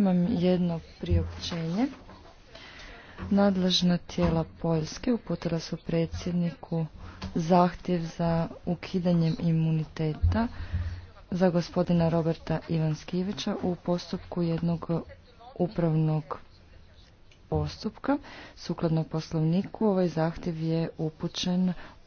Imam jedno priopćenje. Nadležna tijela Poljske uputila su predsjedniku zahtjev za ukidanjem imuniteta za gospodina Roberta Ivanskivića u postupku jednog upravnog postupka. Sukladno poslovniku ovaj zahtjev je upućen od